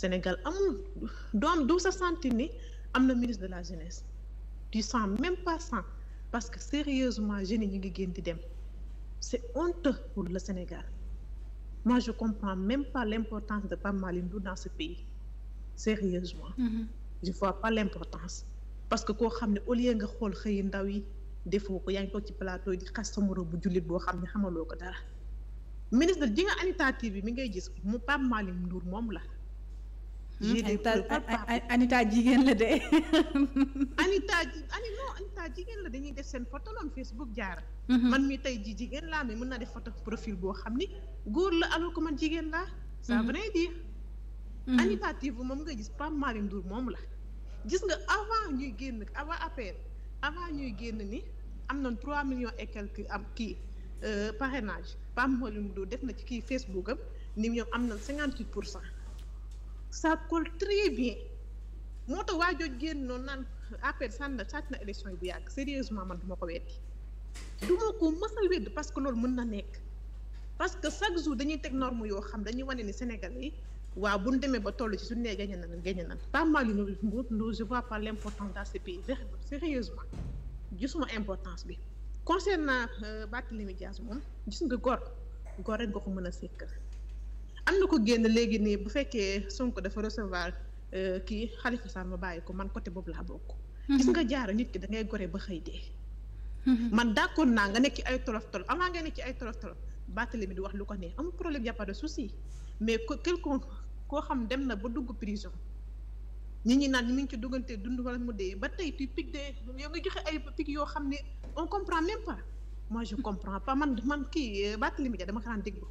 Sénégal amul doom du sa sentir ni am na ministre de la jeunesse tu sens même par ça parce que sérieusement jeunes yi ñu ngi génn di dem c'est honteux pour le Sénégal moi je comprends même par l'importance de Pape Malick Ndour dans ce pays sérieusement mm -hmm. je l'importance parce que koo xam ne au lieu nga xool xëy ndaw yi defoo ko yaa ngi toog ci plateau di xas sa moroom bu jullit boo xam ne xamaloo ko dara ministre ji nga initiative bi mi ngay gis mu Pape Malick moom la j'ai des preuves Anita jigéen la de. Anita Ani non Anita jigéen la dañuy def seen photo noonu Facebook jaar. Mhm. man mi tey ji jigéen laa mais mën naa def foto profil boo xam ni góor la alors ko man jigéen la sa vrai dire. Mhm. Anita TV moom nga gis Pape Malick Ndour moom la. gis nga avant ñuy génn avant appel avant ñuy génn ni am na trois millions et quelques am kii euh, parenage pam Malick Ndour def na ci kii Facebook am ni ñoom am na cinquante huit pour cent. ça colle très bien moo tax waa jooju génn noonu naan affaire sànn sàcc na élection yi bu yàgg sérieusement man du ko weddi du ma ko mës a wedd parce que loolu mën na nekk parce que chaque jour dañuy teg norme yoo xam dañuy wane ni Sénégal yi waaw bu ñu demee ba toll ci suñu nee gañe nan gañe na pas mal yu ñu je vois pas l'importance dans ce pays sérieusement gisuma importance bi concernant euh, Barthélémy Dias moom gis nga gor gor ko mën a sekkal am na ko génn léegi nii bu fekkee sonk dafa recevoir euh, kii Khalifa Sall ma bàyyi ko man côté boobu laa bokk. Mhm. gis nga jaaro nit ki da ngay gore ba xëy dee. Mhm. man d'accord naa nga nekk ci ay tolof tolof avant nga nekk ci ay tolof tolof Barthélémy di wax lu ko neex amul problème y a pas de souci mais ko quelqu'un koo xam dem na ba dugg prison. ñi ñi naan mi ngi ci duggante dund wala mu dee ba tey ti pic de yow nga joxe ay pic yoo xam ne on comprend même pas moi je comprends pas man man kii euh, Barthélémy Dia dama ko daan déglu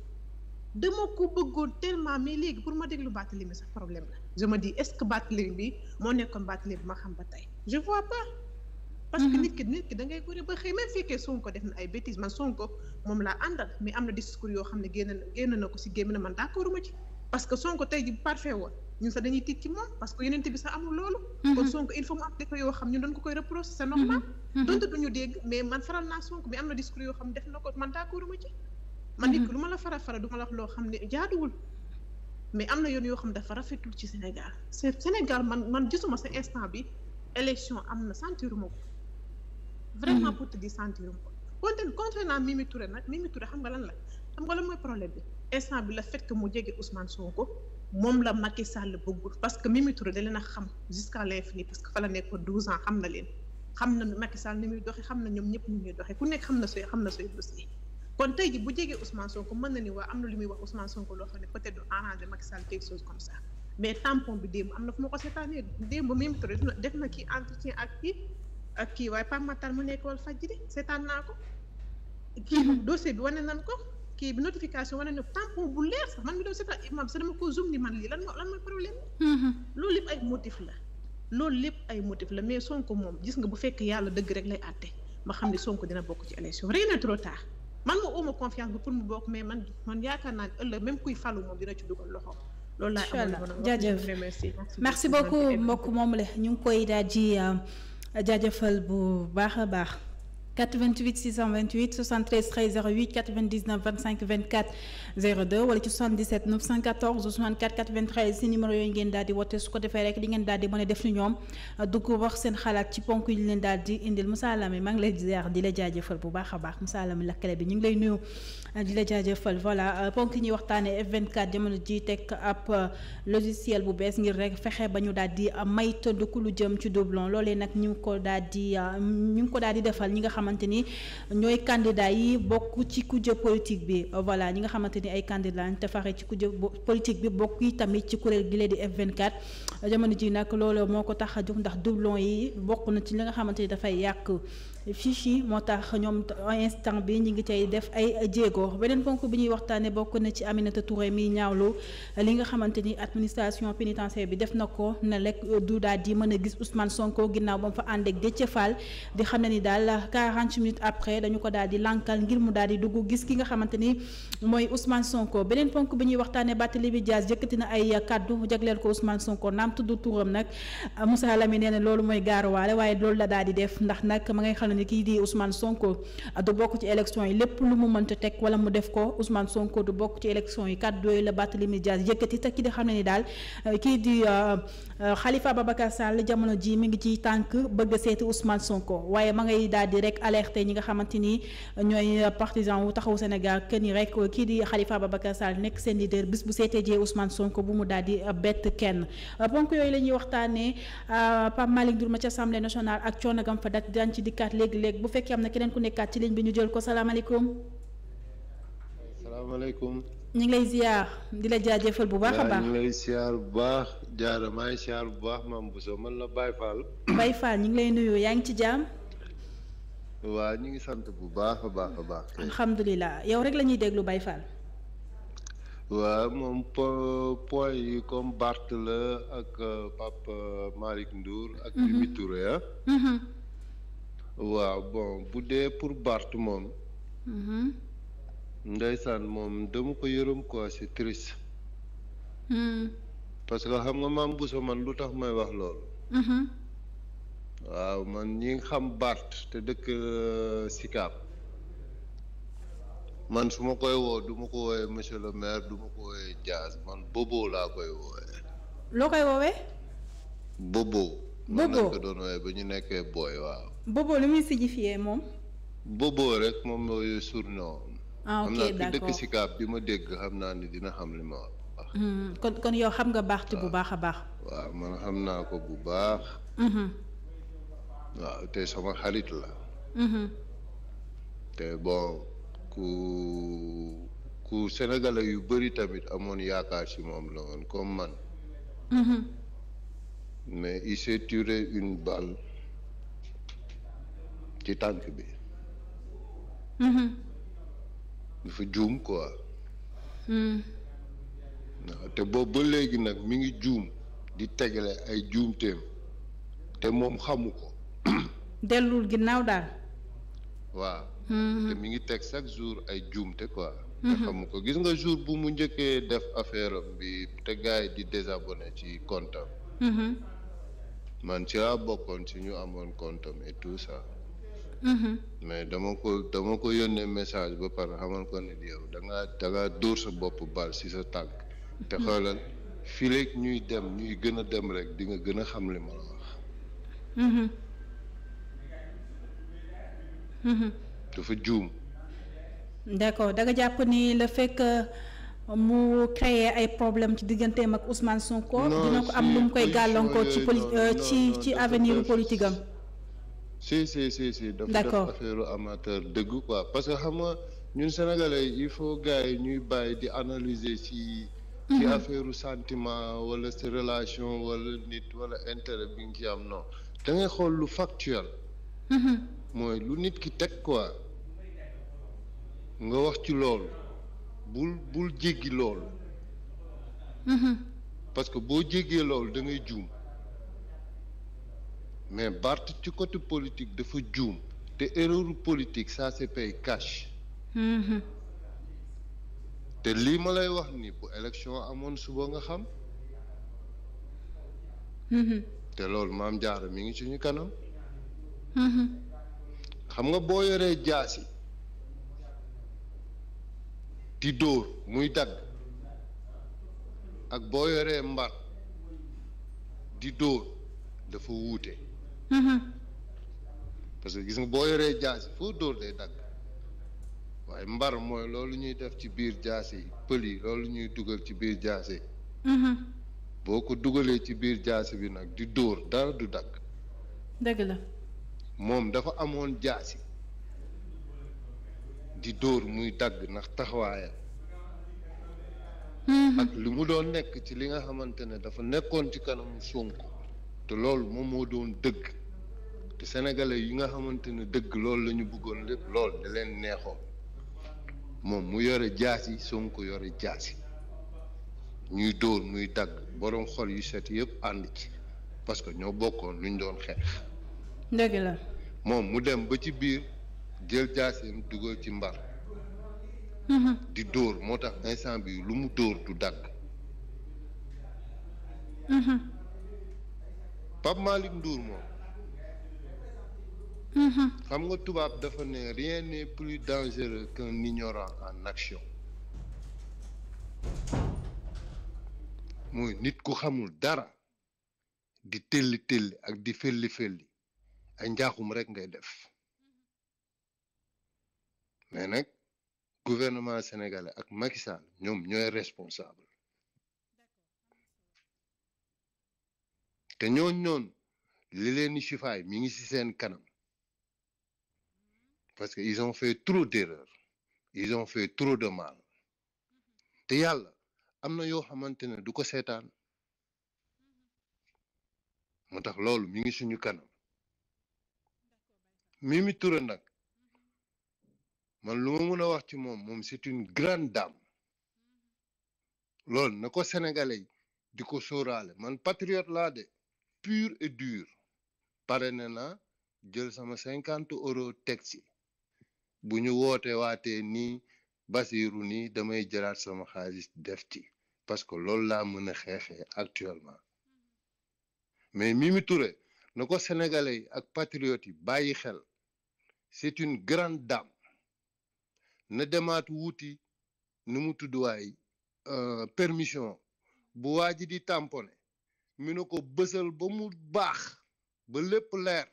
dama ko bëggoon tellement mais léegi pour ma déglu Barthélémy sax problème la je me dis est-ce que Barthélémy bi moo nekkoon Barthélémy bi ma xam ba tey je vois pas parce que mhm. nit ki nit ki da ngay góore ba xëy même fekkee Sonko def na ay bêtises man Sonko moom laa àndal mais am na discours yoo xam ne génn na ko si gémmi na man d'accord ma ci parce que Sonko tey ji parfait woon ñun sax dañuy tiit ci moom parce que yeneen bi sax amul loolu mhm. kon Sonko il faut mu am def yoo xam ko koy reprocher c'est normal mhm. donte duñu dégg mais man faral naa na discours yoo xam ne def na ko man d'accord ma ci man nit mhm. ko lu ma la fara fara du ma la wax loo xam ne jaaduwul mais am na yoon yoo xam dafa rafetul ci Sénégal c'est Sénégal man man gisuma sa instant bi élection am na sentiruma ko vraiment mhm. pour te dire sentiruma ko konte contrairement Mimi Touré nag Mimi Touré xam nga lan la xam nga lan mooy problème bi instant bi la fait mu jege Ousmane Sonko moom la Macky Sall bëggul parce que Mimi Touré da leen a xam jusqu'à l'infini parce que fa la nekk 12 ans xam na leen xam na Macky Sall ni muy doxee xam na ñoom ñëpp ñu ngi doxee ku xam na say xam na say dossier kon tey ji bu jegee Ousmane Sonko mën na ni waa am na lu muy wax Ousmane Sonko loo xam ne peut-être du arranger Macky Sall quelque comme ça mais tampon bi démb am na fu ma ko seetaanee démb même def na kii entretien ak kii ak kii waaye Pape mu nekk wal fajj di seetaan naa ko kii mhm. dossier bi wane nan ko kii bi notification wane na tampon bu leer sax man mi doon seetaan imam sax dama ko zoom ni man lii lan moo lan mooy problème mhm. loolu lépp ay motif la loolu lépp ay motif la mais Sonko moom gis nga bu fekk yàlla dëgg rek lay àtte ma xam ne Sonko dina bokk ci élection rien n'est trop man ma uma confiance ba pour mu bokk mais man man yaakaar naa ne ëllëg même kuy falu moom dina ci dugal loxo. loolu laa amoon jaajëf merci beaucoup mbokk moom le ñu ngi koy daal di euh, jaajëfal bu baax a baax. 88 628 73 13 08 99 25 24 02 wala ci 77 914 64 93 si numéro yooyu ngeen daal di woote su ko defee rek li ngeen daal di mën a def ni ñoom dugg wax seen xalaat ci ponk yi leen daal di indil Moussa Lamine maa ngi lay ziar di la jaajëfal bu baax baax Moussa lakkale bi ñu ngi lay nuyu di la jaajëfal voilà euh, ponk yi ñuy waxtaanee jamono ji teg ab euh, logiciel bu bees ngir rek fexe ba ñu daal di may tëdd ku lu jëm ci doublon loolee nag ñu ngi ko daal di euh, ñu ngi ko daal di defal ñi nga xam xamante ni ñooy candidat yi bokk ci kujje politique bi voilà ñi nga xamante ni ay candidat lañ te fare ci kujje politique bi bokk yi tamit ci kuréel gi lee di F24 jamono ji nag loolu moo ko tax a jóg ndax doublon yi bokk na ci li nga xamante ni dafay yàq Euh, fiche yi moo tax ñoom instant bi ñi ngi cay def ay jéego beneen ponk bi ñuy waxtaanee bokk na ci Aminata Touré mi ñaawlu li nga xamante ni administration pénitentiaire bi def na ko na lekk euh, du daal di mën a gis Ousmane Sonko ginnaaw ba mu fa ànd ak Déthié Fall di xam ne ni daal 40 minutes après dañu ko daal di lànkal ngir mu daal di dugg gis ki nga xamante ni mooy Ousmane Sonko beneen ponk bi ñuy waxtaanee Barthélémy Dias yëkkati na ay kaddu jagleel ko Ousmane Sonko naam tudd turam nag Moussa Lamine na loolu mooy gaaruwaale waaye loolu la daal di ni kii di Ousmane Sonko ah, du bokk ci élection yi lépp lu mu mënta teg wala mu def ko Ousmane Sonko du bokk ci élection yi kàddu yooyu la Barthélémy Dias yëkkati te di xam ne ni daal eh, kii di eh, eh, Khalifa jamono ji mi ngi ci tànk bëgg seeti Ousmane Sonko waaye ma ngay daal di rek alerté ñi nga xamante ni ñooy partisan wu taxawu Sénégal que ni rek kii di Khalifa Babacar Sall nekk seen leader bis bu seetee jee Ousmane Sonko bu mu daal di bett kenn ponk yooyu la ñuy waxtaanee Pape ci Assemblée nationale ak coono fa dat dikkaat léegi-léegi bu fekkee am na keneen ku nekkaat ci ligne bi ñu jël ko salaamaaleykum. salaamaaleykum. ñu ngi lay ziar di la jaajëfal bu baax a baax ñu ngi lay ziar bu baax jaara bu baax maam Bousso man la Baye Fall. ñu ngi lay nuyu yaa ngi ci jaam. waaw ñu ngi sant bu baax a baax a baax. alhamdulilah yow rek la ñuy déglu Baye Fall. waaw moom point yi comme Bart la ak euh, Pape euh, Malick Ndour. ak Mimi mhm. Touré ah. Mhm. waaw bon bu dee pour Bart moom. Mm-hmm. ndeysaan moom dama ko yërëm quoi c'est triste. Mm. parce que xam nga maam Bousso man lu tax may wax loolu. Mm-hmm. waaw man ñi xam Bart te dëkk euh, Sicap. man su ma koy woo duma ko woowee monsieur le maire du ma ko woowee Diaz man Bobo laa koy woowee. loo koy woowee. Bobo. man lañ ko doon woowee ba ñu nekkee booy waaw. bobo li muy signifié moom. bobo rek moom mooy surnom. Ah, ok d'accord xam bi ma dégg xam naa ni dina xam li ma wax. Hmm, kon kon yow xam nga baaxti bu baax a baax. waaw man xam naa ko bu baax. Hmm. waaw te sama xarit la. Hmm. te bon ku ku sénégalais yu bari tamit amoon yaakaar ci moom la woon man. mais il s'est une balle. ci tànk bi. Mm-hmm. dafa juum ko mm. waaw te boobu léegi nag mi ngi juum di tegale ay juumteem te moom xamu ko. dellul ginnaaw daal. waaw. Mm-hmm. te mi ngi teg chaque jour ay juumte quoi. te mm-hmm. xamu ko gis nga jour bu mu njëkkee def affaire bi te gars di désabonné ci compte am. man ci laa bokkoon ci ñu amoon compte am et tout ça. Mm-hmm. mais dama ko dama ko yónnee message ba pare xamal ko ne yow da ngaa dóor sa bopp bal si sa tànk. te mm-hmm. xoolal fii léegi ñuy dem ñuy gën a dem rek di nga gën a xam li ma la wax. Mm-hmm. dafa juum. d'accord da nga jàpp ni le fait mu créer ay problème ci digganteem ak Ousmane Sonko. dina ko am lu mu koy gàllankoor ci poli euh, ci ci avenir politique si si si si dafa def affaire amateur dëgg quoi parce que xam nga ñun sénégalais il faut gars yi ñuy bàyyi di analyser ci ci mhm. affaire sentiment wala sa relation walla nit wala intérêt bi nga ci am non da ngay xool lu factuel mhm. mooy lu nit ki teg quoi nga wax ci loolu bul bul jéggi loolu mhm. parce que boo jéggee loolu da ngay juum mais Barth ci côté politique dafa juum te erreur politique ça se cash. Mm-hmm. te lii ma lay wax ni bu élection amoon suba nga xam. Mm-hmm. te loolu maam jaaro mi ngi suñu kanam. Mm-hmm. xam nga boo yoree jaasi di dóor muy dagg ak boo yoree mbar di dóor dafa wuute. Mm-hmm. parce que gis nga boo yoree jaasi foo dóor day dagg waaye mbar mooy loolu ñuy def ci biir jaasi yi pël yi loolu ñuy dugal ci biir jaasi mm-hmm. boo ko dugalee ci biir jaasi bi nag di dóor dara du dagg dëgg la moom dafa amoon jaasi di dóor muy dagg ndax taxawaayam mm-hmm. ak li mu doon nekk ci li nga xamante ne dafa nekkoon ci kanamu Sonko te loolu moom moo doon dëgg te sénégalais yi nga xamante ne dëgg loolu lañu ñu bëggoon lépp lool da leen neexoon moom mu yore jaas yi jaasi ko yore jaasi ñuy dóor muy dagg boroom xol yu set yëpp ànd ci parce que ñoo bokkoon luñ doon xeex. dëgg la. moom mu dem ba ci biir jël jaaseem dugal ci mbar. Mhm. di dóor moo tax instant bi lu mu dóor du dagg. Mhm. Pape Malick Ndour moom. xam nga tubaab dafa ne rien n'est plus dangereux qu'un ignorant en action mooy nit ku xamul dara di telli telli ak di felli felli ay njaxum rek ngay def mais nag gouvernement sénégalais ak Macky ñoom ñooy responsable te ñooñ noonu li leen di mi ngi ci seen kanam parce que ils ont fait trop d'erreurs ils ont fait trop de mal te yàlla am na yoo xamante ne du ko seetaan moo tax loolu mi ngi suñu kanam Mimi Touré nag man lu ma mën a wax ci moom moom c'est une grande dame loolu na ko sénégalais di ko sóoraale man patriote laa de pur et dur pare na naa jël sama cinquante euro teg ci bu ñu woote waatee nii Basiru nii damay jëraat sama xaalis def ci parce que loolu laa mën a xeexee actuellement mais Mimi Touré na ko sénégalais ak patriotes yi bàyyi xel c'est une grande dame na demaat wuuti nu mu tudd waay euh, permission bu waa ji di tamponné mi ne ko bësal ba mu baax ba lépp leer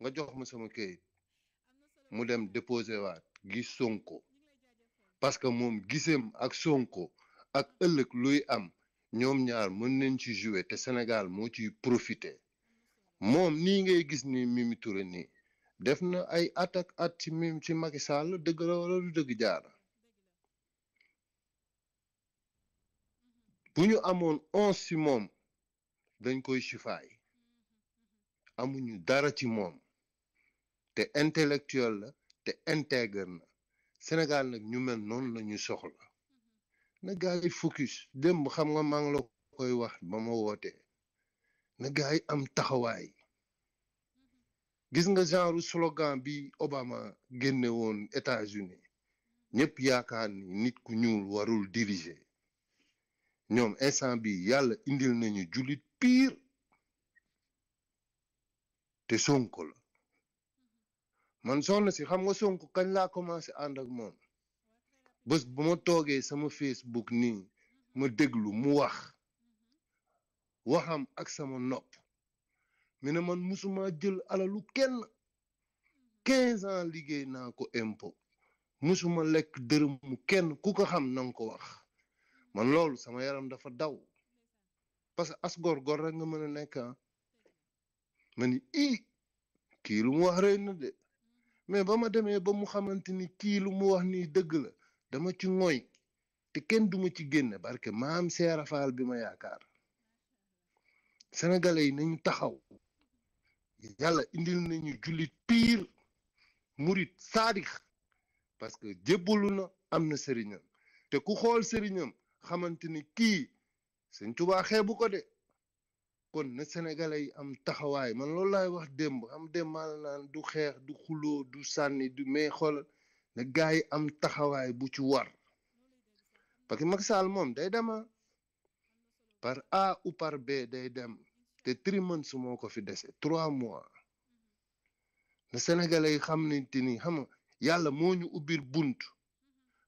nga jox ma sama këyit mu dem déposé waat gi Sonko parce que moom giseem ak Sonko ak ëllëg luy am ñoom ñaar mën nañ ci jouer te Sénégal moo ciy profité moom nii ngay gis ni Mimi Touré nii def na ay attaque at ci mim ci Macky Sall dëgg du dëgg jaara bu ñu amoon onze ci moom dañ koy sifaay amuñu dara ci moom te intellectuel la te intègre na Sénégal nag ñu mel noonu la ñu soxla mm-hmm. na gars focus démb xam nga maa ngi la koy wax ba ma wootee na gars am taxawaay mm-hmm. gis nga genre slogan bi Obama génne woon États-Unis mm-hmm. ñëpp yaakaar ni nit ku ñuul warul diriger ñoom instant bi yàlla indil nañu julit piir te Sonko man soxna si xam nga Sonko kañ laa commencé ànd ak moom bés bu ma toogee sama Facebook nii ma déglu mu wax waxam ak sama nopp mi ne man musuma jël alalu kenn quinze ans liggéey naa ko impo musuma lekk dërëm mu kenn ku ko xam na ko wax man loolu sama yaram dafa daw parce que as gor gor rek nga mën a nekk ah. i kii lu de mais ba ma demee ba mu xamante ni kii lu mu wax nii dëgg la dama ci ŋoy te kenn duma ci génne barke maam see Faal bi ma yaakaar sénégalais yi nañu taxaw yàlla indil nañu jullit piir murit saadix parce que jébbalu na am na sëriñam te ku xool sëriñam xamante ni kii Sëñ Tuubaa xeebu ko de kon na sénégalais yi am taxawaay man loolu laay wax démb am démb la naan du xeex du xuloo du sànni du mais xoolal na gars yi am taxawaay bu ci war parce que Macky Sall moom day dema ah. par A ou par B day dem te trimën su moo ko fi dese trois mois na sénégalais yi xam nañ te ni xam yàlla moo ñu ubbil bunt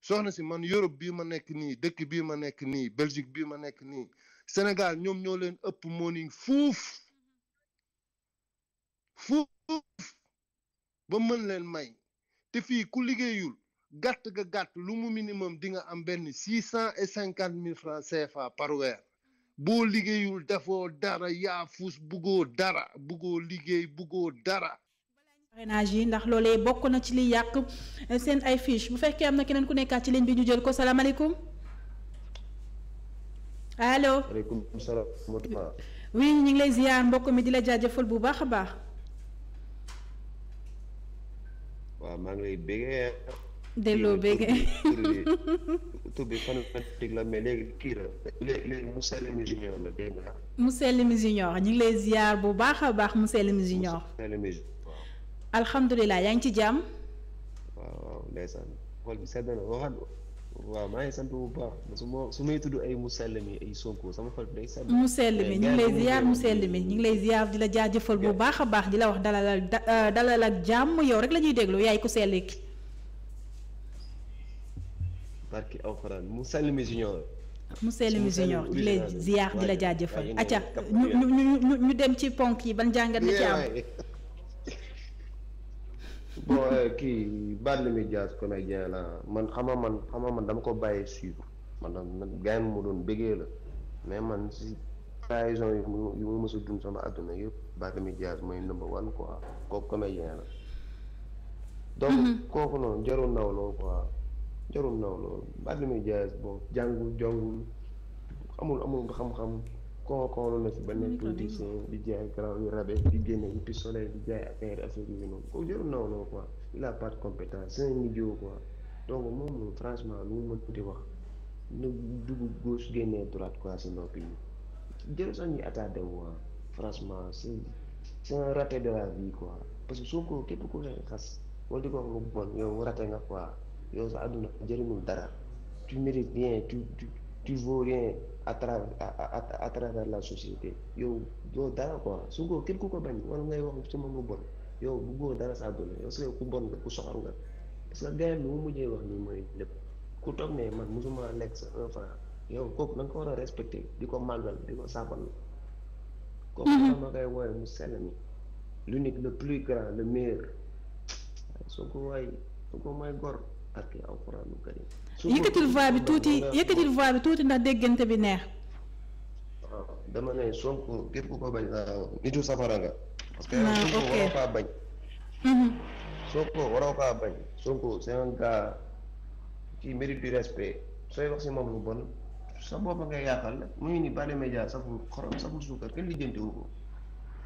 soxna si man Europe bii ma nekk nii dëkk bii ma nekk nii Belgique bii ma nekk nii Sénégal ñoom ñoo leen ëpp morning fuuf fuuf ba mën leen may te fii ku liggéeyul gàtt ga gàtt lu mu minimum di nga am benn six cent et cinquante mille francs CFA par weer boo liggéeyul dafoo dara yaa fuus buggoo dara buggoo liggéey buggoo dara. parrainage yi ndax loolee bokk na ci li yàq seen ay fiche bu fekkee am na keneen ku nekkaat ci ligne bi ñu jël ko salaamaaleykum. allo aleykum salaam oui ñu lay ziar mbokk mi di la jaajëfal bu baax a baax. waaw maa ngi lay bégee. delloo bégee. tur bi fan la mais léegi la léegi ñu lay ziar bu baax a baax Moussa Lemine Junior. Moussa Lemine yaa ngi ci jàmm. waaw waaw ndeysaan xool bi waaw maa ngi sant bu baax su ma su may tudd ay mu sell mi ay Sonko sama xol mu sell mi ñu lay ziar mu sell mi ñu ngi lay ziar di la jaajëfal bu baax a baax di la wax dalal euh, dalal ak jàmm yow rek la ñuy déglu yaay ku sell ki. barki alxuraan mu sell mi junior. mu sell mi junior di lay ziar di la jaajëfal. acca ñu ñu ñu ñu dem ci ponk yi ban jàngat la ci am. bon euh, kii Barthélémy Dias comédien la man xama man xama man dama ko bàyyi suivre man man gars yi mu doon bëggee la mais man si trahison yi mu yu ma mës a dund sama àdduna yëpp Barthélémy Dias mooy number one quoi kooku comédien la donc mhm. kooku noonu jarul naw loolu quoi jarul naw loolu Barthélémy Dias bon jàngul jongul amul amul nga xam-xam kon kon lu ne si benn politicien di jaay grand yu rabe di génne yu pistolet di jaay affaire affaire yooyu noonu kooku jarul naw naw quoi il a pas de compétence c'est un idiot quoi donc moom moom franchement lu mu mën di wax nu dugg gauche génnee droite quoi si noppi yi jarul sax ñuy attardé waa franchement c'est c'est un raté de la vie quoi parce soo ko képp ku koy xas wala di ko wax bon yow raté nga quoi yow sa àdduna jëriñul dara tu mérites bien tu tu vaux rien la société yow yow dara quoi su ngoo képp ku ko bañ war ngay wax su ma mu bon yow bu góor dara saa bon parce que ku bon nga ku soxor nga parce que gars mu mujjee wax ni mooy lépp ku toog ne man mosuma lekk sa un franc yow kooku da ko war a respecté di ko màggal di ko saabal kooku mhm. ma koy wooye mu sell mi l'unique le plus grand le meilleur soo ko waay soo ko mooy gor ak alxuraanu karim yëkkatil voix bi tuuti yëkkatil voix bi tuuti ndax déggante bi neex. Ah, dama ne Sonko képp ku ko bañ naa ah, nitu safara nga. parce que ah, mhm. Sonko waroo kaa bañ. Sonko waroo kaa bañ. mérite respect sooy wax si moom lu bon sa bopp ngay yàqal mu ngi ni bale média saful xorom saful suukar kenn lijjanti wu ko.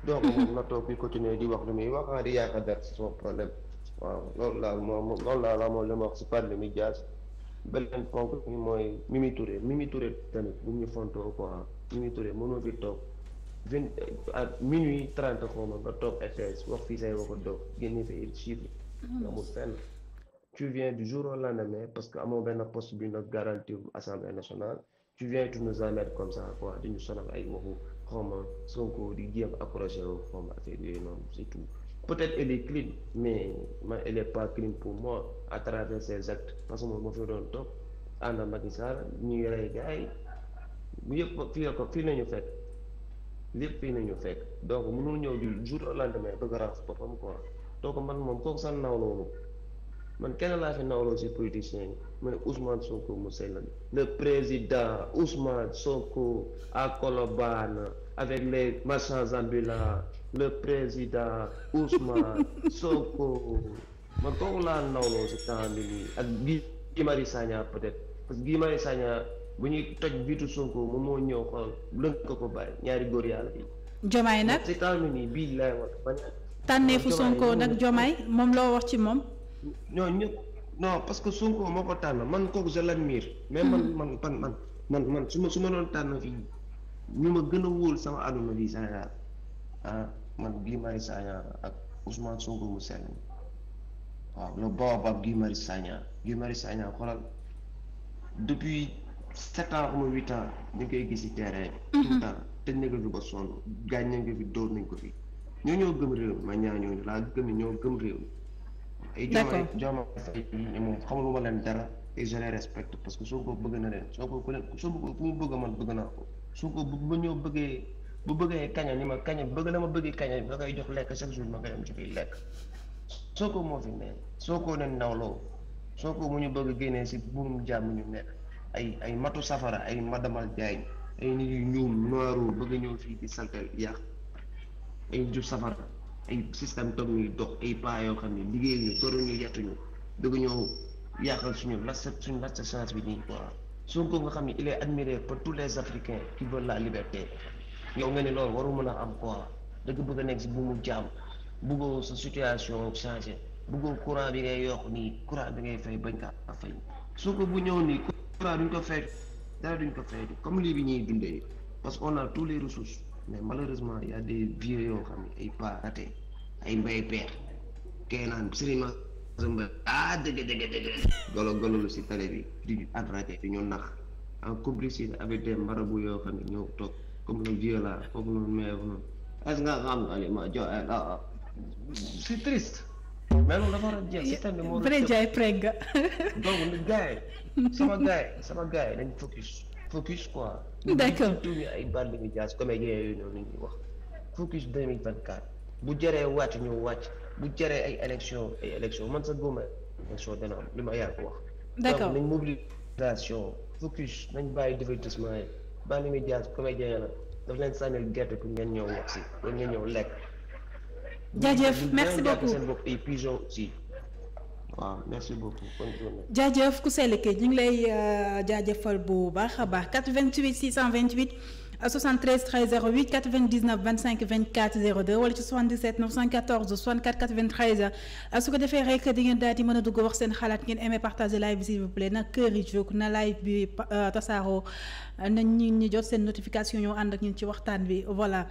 donc moom na toog di continuer di wax lu muy wax di yàq dara c'est son problème waaw loolu laa moom loolu laa moom la ma wax si parle média beneen ponk mi mooy Mimi Touré Mimi Touré tamit bu ñu fontoo quoi Mimi Touré mënoo fi toog minuit trente xaw ma nga toog RTS wax fii say waxu doog génne fay chiffre. Mm-hmm. amul fenn. tu viens du jour au lendemain parce que amoo benn poste bi nga garanti assemblée nationale tu viens tu nous amènes comme ça quoi di ñu sonal ay waxu xaw ma Sonko di jéem accroché wu xaw ma peut-être elle clean mais man elle est pas clean pour moi à travers ses actes parce que moom moo fi doon toog ànd a Macky Sall ñuy rey gars yi yëpp fii la ko fii nañu fekk lépp fii nañu fekk donc mënul ñëw di jour au lendemain bëgg a boppam quoi donc man moom kooku sax nawloomu man kenn laa fi nawloo si politicien yi ma ne Ousmane Sonko mu sellan le président Ousmane Sonko à Colobane avec les marchands ambulants le président Ousmane Sonko man kooku laa nawloo si temps bi ak Guy Marius Sagna peut-être parce que Guy Marius Sagna bu ñuy toj biitu Sonko moom moo ñëw xool lënk ko ko bàyyi ñaari góor yàlla yi. Jomaay nag si temps bi nii bii laay wax bañ. tànneefu Sonko nag Jomaay moom loo wax ci moom. ñoo ñëpp non parce que Sonko moo ko tànn man kooku je l'admire mais man hmm. man man man man man su ma su ma doon tànn fii ñu ma gën a wóol sama àdduna bi Sénégal ah. man Guy Marius Sagna ak Ousmane Sonko mu sell waaw le baobab Guy Marius Sagna Guy Marius Sagna xoolal depuis sept ans ou ñu koy gis ci terrain mhm. tout le temps tëj nañ ko fi gaañ nañ ko fi dóor nañ ko fi ñoo ñoo gëm réew mi ma ñaa ñooñu laa gëm ñoo gëm réew mi ay jooma jooma moom leen dara et je les parce que soo ko bëgg na leen soo ko ku leen soo ko ku mu man bëgg naa ko soo ko bu ma ñoo bëggee bu bëggee kaña ni ma kaña bëgg la ma bëgg kaña bi da koy jox lekk chaque jour ma koy dem ci biir soo Sonko moo fi ne Sonko ne nawloo Sonko mu ñu bëgg génnee si buum jàmm ñu nekk ay ay matu safara ay madamal jaay ay nit yu ñuul noiroo bëgg ñëw fii di saltel yàq ay jub safara ay système toog ñuy dox ay paa yoo xam ni liggéey ñu toru ñu yettuñu bëgg ñëw yàqal suñu last suñu last chance bi ñuy quoi Sonko nga xam ne il est admiré par tous les Africains qui veulent la liberté yow nga ne loolu waru mën a am quoi dëgg bëgg a nekk si bu mu jaam bëggoo sa situation changé bëggoo courant bi ngay yokk nii courant bi ngay fay bañ kaa fay suuf bu ñëw nii courant duñ ko fay dara duñ ko fay comme lii bi ñuy dundee parce que on a tous les ressources mais malheureusement y a des vieux yoo xam ne ay paate ay mbay peex kee naan sëriñ ma ah dëgg dëgg dëgg golo gololu si télé bi di ànd rajo bi ñu nax en complicité avec des marabout yoo xam ne ñoo toog comme le vieux là comme le mais est-ce que nga xam ne Aliouma joxe ah c'est triste. mais loolu dafa war a jeex système bi moo. vrai jaay preg ga. donc ni gars yi sama gars yi sama gars yi dañu focus focus quoi. d'accord surtout ñu ay bande bi jaas comédien yooyu noonu la ñuy wax focus deux mille vingt quatre bu jëree wàcc ñu wàcc bu jëree ay élection ay élection man sa góoma élection dana am li ma yaa ko wax. d'accord donc nañ mobilisation focus nañ bàyyi divertissement yi. Barthélémy Dias comédien la daf leen sànnil gerte pour ngeen ñëw wax si pour ngeen ñëw lekk. jaajëf merci beaucoup seen bopp ay pigeon aussi. waaw merci beaucoup jaajëf ku sell ki ñu ngi lay euh, jaajëfal bu baax a baax 88 628. 73 308 99 25 24 02 wala ci 77 914 64 93 su ko defee rek di ngeen daal di mën a dugg wax seen xalaat ngeen aimé partager live bi s'il vous na kër yi na live bi euh, tasaaroo na ñi ñi jot seen notification ñoo ànd ak ñun ci waxtaan bi voilà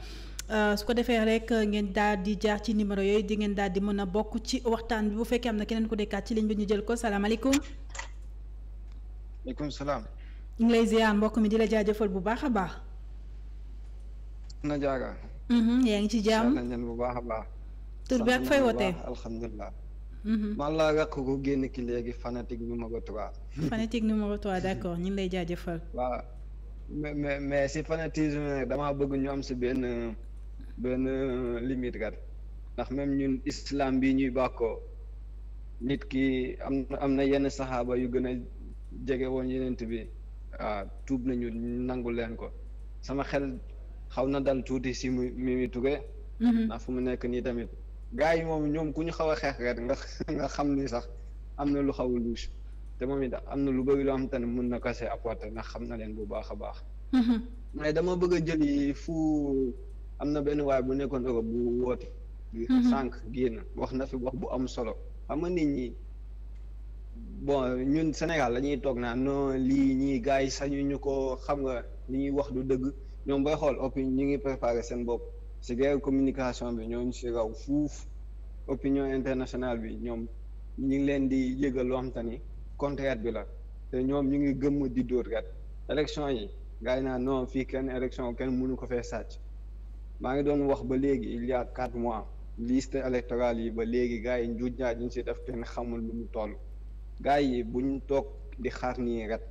euh, su ko defee rek euh, ngeen daal di jaar ci numéro yooyu di ngeen daal di mën a bokk ci waxtaan bi bu fekkee am na keneen ku dekkaat ci ligne bi ñu jël ko salaamaaleykum. maaleykum salaam. ñu ngi lay ziar mbokk mi di la jëfal bu baax a baax. na jaaga. Mm-hmm, yaa ngi ci jàmm nañ leen bu baax a baax. tur bi ak fay wootee alhamdulilah. Mm-hmm. man laa ràq gu génn ki léegi fanatique numéro 3. fanatique numéro 3 d' accord ñu ngi lay jaajëfal. waa mais mais mais si fanatisme damaa bëgg ñu am si benn benn limite kat ndax même ñun islam bi ñuy bàkkoo nit ki am am na yenn saxaaba yu gën a jege woon yenent bi waaw ah, tuub nañu nangul leen ko sama xel. xaw na dal tuuti si mu Touré mm-hmm. ndax fu mu nekk nii tamit gars yi moom ñoom ku ñu xaw a xeex rek nga xam ni sax am na lu xaw a te moom it am na lu bëri loo xam te ne na kase apporter ndax xam na leen bu baax a baax mm-hmm. mais dama bëgg a jëli fu am na benn waay bu nekkoon Europe bu woote mm-hmm. sànq génn wax na fi wax bu am solo xam nga nit ñi bon ñun Sénégal la ñuy toog naa non lii ñii gaa yi sañu ñu ko xam nga li ñuy wax du dëgg ñoom booy xool opinion ñu ngi préparé seen bopp si guerre communication bi ñooñu si raw fuuf opinion internationale bi ñoom ñu ngi leen di yëgal loo xam ni contraire bi la te ñoom ñu ngi gëmm di dóor kat élection yi gars naa non fii kenn election kenn mënu ko fee sàcc maa ngi doon wax ba léegi il y a quatre mois liste électorale yi ba léegi gars yi njuuj njaaj ñu si def kenn xamul lu mu toll gars yi buñ toog di xaar nii ret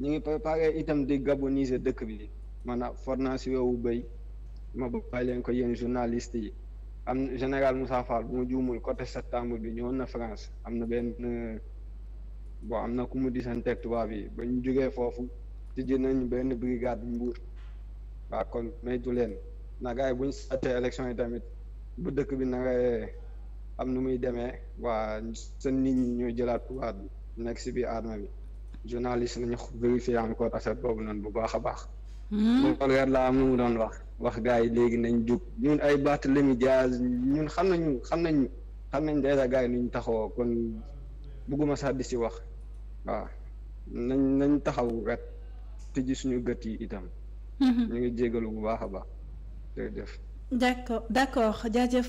ñu ngi préparé itam di gaboniser dëkk bi maanaam si wu béy ma bàyyi leen ko yéen journaliste yi am général Moussa Fall bu mu juumul côté septembre bi ñëwoon na France am na benn bon am na ku mu di disanteeg tubaab yi ba ñu jógee foofu tijji nañ benn brigade mbuur waaw kon tu leen na gars yi bu ñu sàttee élection yi tamit bu dëkk bi nanga am nu muy demee waa seen nit ñi ñooy jëlaat pouvoir bi nekk si biir armée bi journaliste nañu vérifier encore affaire boobu noonu bu baax a baax. Hmm? loolu weer laa mu doon wax wax gars yi léegi nañ jug ñun ay Barthélémy Dias ñun xam nañu xam nañ xam nañ déjà gars yi nu ñu taxawoo kon bëgguma sax di si wax waaw nañ nañ taxaw wet tijji suñu gët yi itam. Hmm. ñu ngi jégalu bu baax a baax jërëjëf. d'accord d'accord jaajëf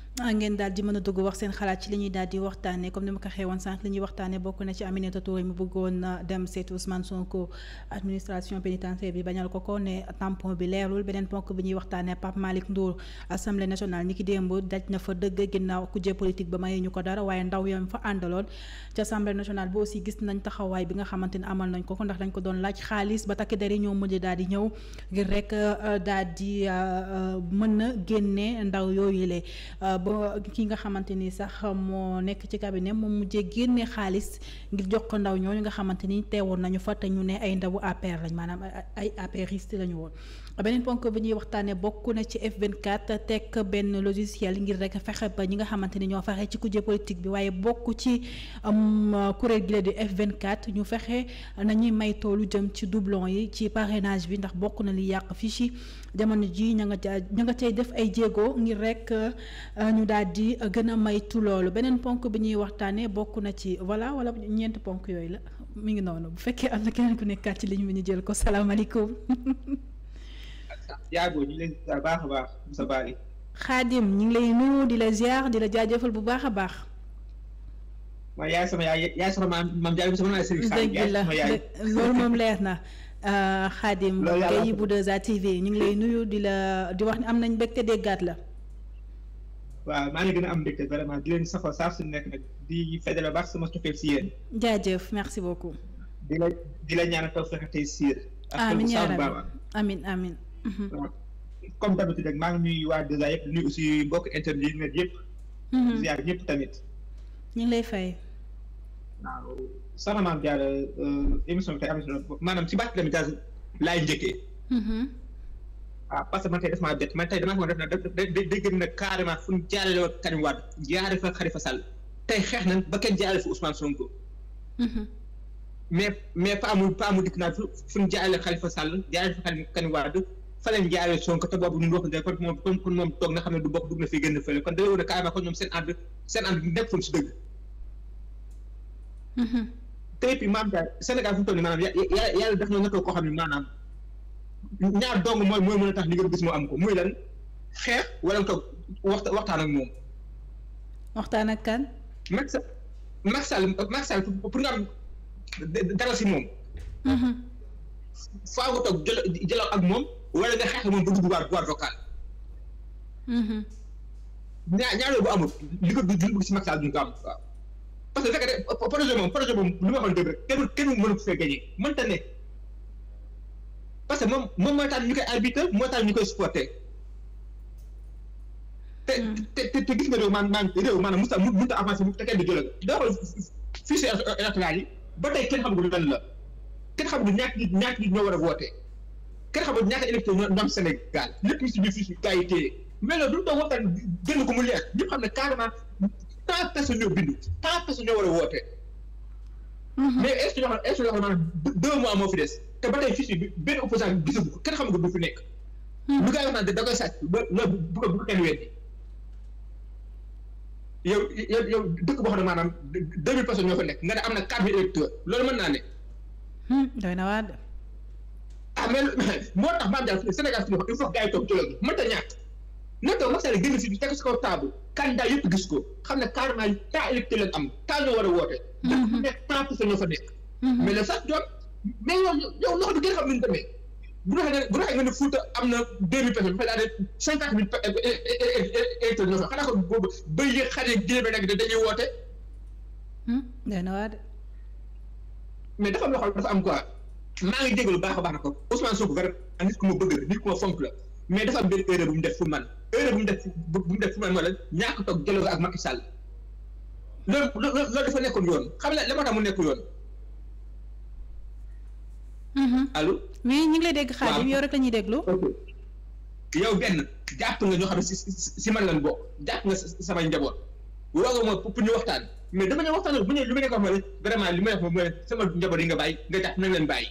ngeen daal di mën a dugg wax seen xalaat ci li ñuy daal di waxtaanee comme ni ma ko xewoon sànq li ñuy waxtaanee bokk na ci Aminata Touré mu bëggoon euh, dem seeti Ousmane Sonko administration pénitentiaire bi bañal ko ko ne tampon bi leerul beneen ponk bi ñuy waxtaanee Pape Malick Ndour assemblée nationale ñi ki démb daj na fa dëgg ginnaaw kujje politique ba mayee ñu ko dara waaye ndaw yam fa àndaloon ci assemblée nationale bi aussi gis nañ taxawaay bi nga xamante euh, euh, a ba ki nga xamante ni sax moo nekk ci cabinet moom mujjee génne xaalis ngir jox ko ndaw ñooñu nga xamante ni teewoon nañu fa te ñu ne ay ndawu APR lañ maanaam ay APRiste lañu woon beneen ponk bi ñuy waxtaanee bokk na ci F24 teg benn logiciel ngir rek fexe ba ñi nga xamante ni ñoo fexe ci kujje politique bi waaye bokk ci kuréel gi di F24 ñu fexe nañuy may toolu jëm ci doublon yi ci parrainage bi ndax bokk na li yàq fiche yi jamono ji ñu nga ca ñu nga cay def ay jéego ngir rek euh, ñu daal di gën a may maytu loolu beneen ponk bi ñuy waxtaanee bokk na ci voilà wala ñeenti ponk yooyu la mi ngi noonu bu fekkee am na keneen ku nekkaat ci ñu bi ñu jël ko salaamaaleykum. yaago ñu baax a Xaadim ñu ngi lay nuyu di la ziar di la jaajëfal bu baax a baax. waaye yaay sama yaay yaay sama maam maam Diallo Moussa mën naa la. dëgg la loolu moom leer na. Euh, Khadim Gueye bu 2A TV ñu ngi lay nuyu di la di wax ni am nañ mbégte déggaat la. waaw maa ngi gën a am mbégte vraiment di leen saxoo saa su nekk nag di fajal a baax sama cofeel si yéen. jaajëf merci beaucoup. di la di la ñaan taw fexe tey siir. amiin yaa rabbi amiin amiin mhm. comme d'habitude rek maa ngi nuyu waa 2A yëpp nuyu aussi mbokk internet yi yëpp. Mhm. ziar ñëpp tamit. ñu lay fay. waaw soxna maam Diarra émission bi tey am maanaam si bàtt la mi daal laay njëkkee. Mm-hmm. Ah, que man tey daf maa bett man tey damaa def na dégg na carrément fu ñu jaarale woon Karim Wade jaare fa Khalifa Sall tey xeex nañ ba kenn jaarale fa Ousmane Sonko. Mm-hmm. mais mais pa amul pa amul dikk naa fu fu ñu jaarale Khalifa Sall jaarale kon moom toog na xam ne du bokk dugg na fi génn fële kon da ngay wane carrément kon ñoom seen ànd seen ànd nekkoon si dëgg. Mm-hmm. tey puis maam jaay Sénégal fu toll maanaam ya yàlla def na nekkoo koo xam ne maanaam ñaar dong mooy mooy mën a tax li nga am ko muy lan xeex wala ko waxta ak moom. waxtaan ak kan. si moom. Mm-hmm. faaw moom wala nga xeex moom ba mm-hmm. am waaw. parce que fekkee de projet moom projet moom lu ma xamal dëgg kenn kenn mënu ko fee gagné mënta ne parce que moom moom mooy tax ñu koy arbitre moo tax ñu koy supporté hmm. te te te gis nga réew man man réew maanaam musta mënta avancé mu te kenn du jëlag daa xool fiche électorale yi ba tey kenn la kenn xamagul ñaata a kenn am Sénégal lépp xam ne carrément tant personne ñoo bindu tant personne ñoo war a woote. Mhm. mais est-ce que ñoo xam est moo fi des te ba tey fiche bi benn opposant bi gisagu ko kenn xam nga du fi nekk. Mhm. lu gaa yi wax naan da koy sàcc ba loolu bu ko bu kenn weddi yow yow yow dëkk boo xam ne maanaam deux mille personnes ñoo fa nekk nga ne am na quatre mille électeurs loolu mën naa ne. Hmm, doy na ah, moo tax maam Diallo Sénégal fi ñu wax il faut que gaa yi toog dialogue mën ta ñàkk. moo tax Macky Sall génn si bi teg si kaw table candidat yëpp gis ko xam ne carrément temps électé lañ am temps ñoo war a woote. Mhm. dafa nekk temps pour ñoo fa nekk. Mhm. mais le yow a xam ni mu demee bu doxee nga bu doxee nga ne Fouta am na deux mille personnes bu fekkee daa ne cinquante mille électeurs ñoo fa xanaa ko boobu ba yéeg woote. Hmm? day na waat. dafa loxo dafa am quoi maa ngi déglu baax a baax na ko Ousmane Sonko vraiment nit ku ma bëgg la nit ku ma fonk la mais dafa am benn erreur bu mu def pour man. erreur bu mu def bu mu def fu mel noonu la ñàkk toog dialogue ak Macky Sall loolu loolu dafa nekkul yoon xam nga la moo tax mu nekkul yoon. Mhm. allo. oui ñu ngi lay dégg Khadim yow rek la ñuy déglu. yow benn jàpp nga ñoo xam ne si si man lan bokk jàpp nga sama njaboot woo nga pour ñu waxtaan dama ne waxtaan bu ñu li ma nekk wax mooy vraiment ma wax mooy sama yi nga bàyyi nga jàpp nañ leen bàyyi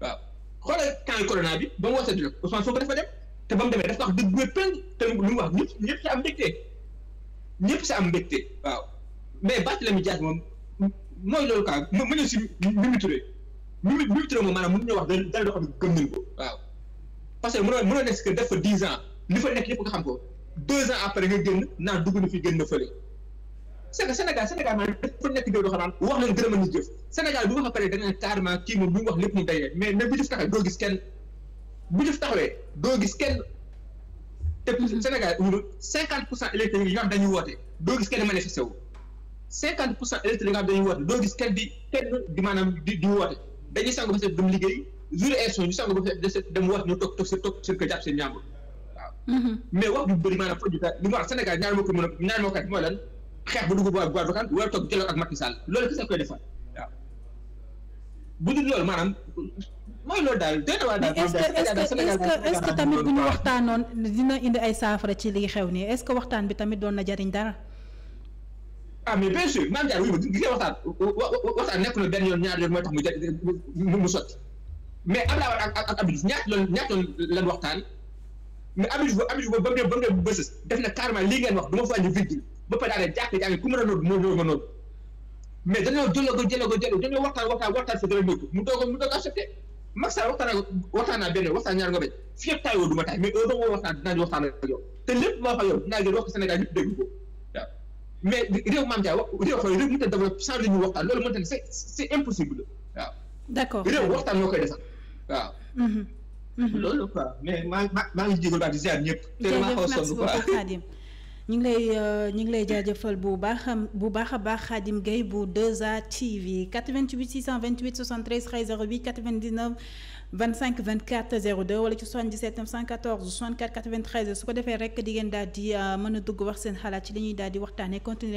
waaw xoolal temps corona bi ba mu wootee di la Ousmane Sonko dafa dem. te ba mu demee dafa wax dëgg bu te lu mu wax ñëpp ñëpp si am mbégte ñëpp si am mbégte waaw mais Barthélemy Dias moom mooy loolu quoi ma ma ñëw si Mimi Touré Mimi Mimi Touré moom maanaam mënuñu wax dal ko waaw parce que mënoo mënoo nekk que def fa li fa nekk yëpp nga xam ko deux ans après nga génn naan dugg na fi génn na fële c'est que Sénégal Sénégal maanaam dafa nekk déw doo xam wax leen gërëma ñu jëf Sénégal bu a pare da nga carrément kii moom bu mu wax lépp mu day mais même bu jëf taxee doo gis kenn bu ñu taxawee doo gis kenn te pour Sénégal wul cinquante pour cent électeurs yi nga xam dañuy woote doo gis kenn manifesté wu cinquante pour cent électeurs yi nga maanaam di di woote dañuy sangu ba set dem liggéey jour élection ñu sangu ba set dem woote ñu toog toog seen toog seen kër jàpp seen ñàmbur waaw mhm. mais wax ju bëri maanaam foofu li mu wax Sénégal ñaar moo ko a moo kat xeex ba dugg ba boîte vacante ak Macky Sall loolu kese koy defar waaw bu dul loolu maanaam mooy loolu daal déedéet waa daal. est-ce que est-ce que li xew nii bi tamit doon na jariñ dara. ah mais bien sûr maam Diarra wuyu ma waxtaan waxtaan nekk na benn yoon ñaar yoon mooy tax mu ja mu sotti mais Abdoulaye Wade ak ak Abdou waxtaan mais Abdou Diouf Abdou Diouf ba mu def na carrément lii ngeen wax du ma fa andi virgule ba pare daal jàkk jàkk a nodd moo ñëw nga nodd ko jëloo ko jëloo dañoo waxtaan waxtaan waxtaan fa dara nëbb mu accepté Macky Sall waxtaan naa waxtaan naa benn waxtaan ñaar nga bañ fii taayoo du taay mais heure boo waxtaan dinaa di waxtaan ak yow lépp maa fa ko waaw mais réew maam Ndiaye wax réew xooy réew mënut a développé sans li ñu waxtaan loolu mënut a c'est impossible waaw. d'accord réew waxtaan moo koy defar waaw. Mhm. Mhm. loolu quoi mais maa maa maa ngi jégalu baal di ziar ñëpp. te maa xaw a sonn quoi ñu ngi lay euh, ñu ngi lay jaajëfal bu baax bu baax a baax Khadim Gueye bu 2A TV 88 628 73 13 08 99 25 24 02 wala ci 77 914 64 93 su ko defee rek di ngeen daal di euh, mën a dugg wax seen xalaat ci li ñuy daal di waxtaane continuer.